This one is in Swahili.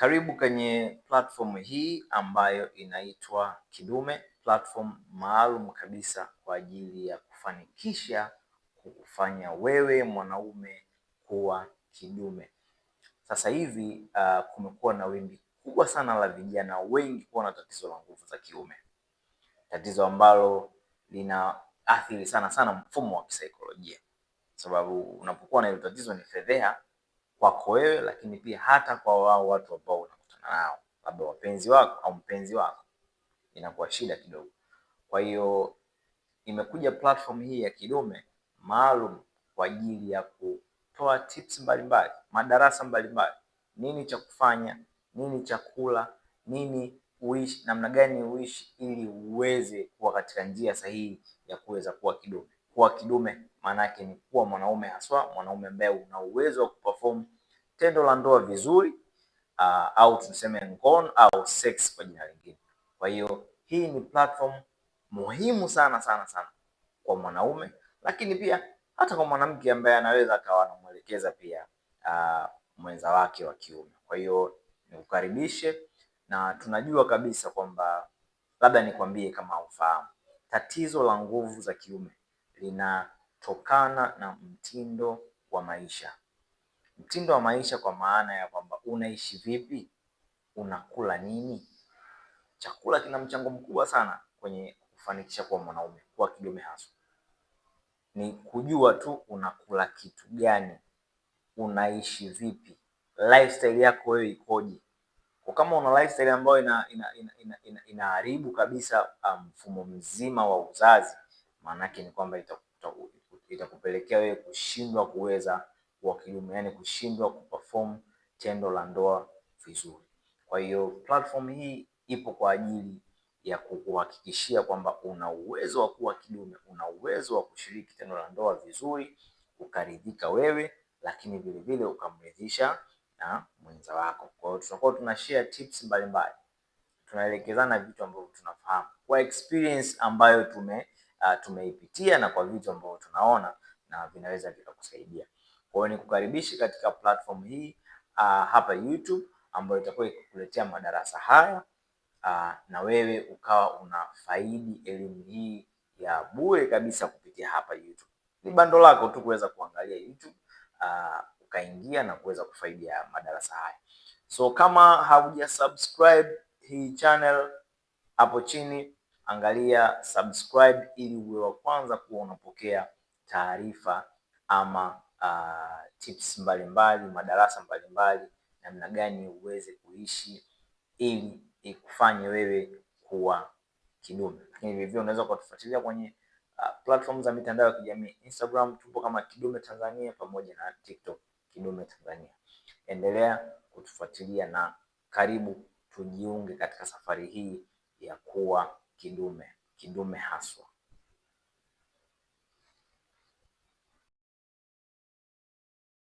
Karibu kwenye platform hii ambayo inaitwa Kidume, platform maalum kabisa kwa ajili ya kufanikisha kukufanya wewe mwanaume kuwa kidume. Sasa hivi uh, kumekuwa na wimbi kubwa sana la vijana wengi kuwa na tatizo la nguvu za kiume, tatizo ambalo lina athiri sana sana mfumo wa kisaikolojia, sababu unapokuwa na hilo tatizo ni fedheha kwako wewe, lakini pia hata kwa wao watu ambao unakutana nao, labda wapenzi wako au mpenzi wako, inakuwa shida kidogo. Kwa hiyo imekuja platform hii ya Kidume maalum kwa ajili ya kutoa tips mbalimbali, madarasa mbalimbali, nini cha kufanya, nini cha kula, nini uishi namna gani uishi, ili uweze kuwa katika njia sahihi ya kuweza kuwa kidume wa kidume yake ni kuwa mwanaume haswa, mwanaume ambaye una uwezo wa kuperform tendo la ndoa vizuri, uh, au tuseme ngono au sex kwa jina lingine. Kwa hiyo hii ni platform muhimu sana sana sana kwa mwanaume, lakini pia hata kwa mwanamke ambaye anaweza akawa anamwelekeza pia uh, mwenza wake wa kiume. Kwa hiyo nikukaribishe, na tunajua kabisa kwamba labda nikwambie kama ufahamu tatizo la nguvu za kiume linatokana na mtindo wa maisha. Mtindo wa maisha kwa maana ya kwamba unaishi vipi, unakula nini. Chakula kina mchango mkubwa sana kwenye kufanikisha kuwa mwanaume, kuwa kidume haswa. Ni kujua tu unakula kitu gani, unaishi vipi, lifestyle yako wewe ikoje. Kwa kama una lifestyle ambayo inaharibu ina, ina, ina, ina, ina kabisa ah, mfumo um, mzima wa uzazi yake ni kwamba itakupelekea wewe kushindwa kuweza kiume, yani kushindwa kuperform tendo la ndoa vizuri. Kwa hiyo platform hii ipo kwa ajili ya kuhakikishia kwamba una uwezo wa kuwa kidume, una uwezo wa kushiriki tendo la ndoa vizuri, ukaridhika wewe lakini vilevile ukamridhisha na mwenza wako. Kwa hiyo tutakuwa share tips mbalimbali, tunaelekezana vitu ambavyo tunafahamu kwa experience ambayo tume uh, tumeipitia na kwa vitu ambavyo tunaona na vinaweza vikakusaidia. Kwa hiyo nikukaribishi katika platform hii uh, hapa YouTube ambayo itakuwa ikikuletea madarasa haya uh, na wewe ukawa unafaidi elimu hii ya bure kabisa kupitia hapa YouTube. Ni bando lako tu kuweza kuangalia YouTube uh, ukaingia na kuweza kufaidia madarasa haya. So kama hauja subscribe hii channel hapo chini angalia subscribe ili uwe wa kwanza kuwa unapokea taarifa ama uh, tips mbalimbali mbali, madarasa mbalimbali namna gani uweze kuishi ili ikufanye wewe kuwa kidume. Lakini vivyo unaweza ukatufuatilia kwenye uh, ah, platform za mitandao ya kijamii Instagram, tupo kama Kidume Tanzania pamoja na TikTok Kidume Tanzania. Endelea kutufuatilia na karibu tujiunge katika safari hii ya kuwa kidume kidume haswa.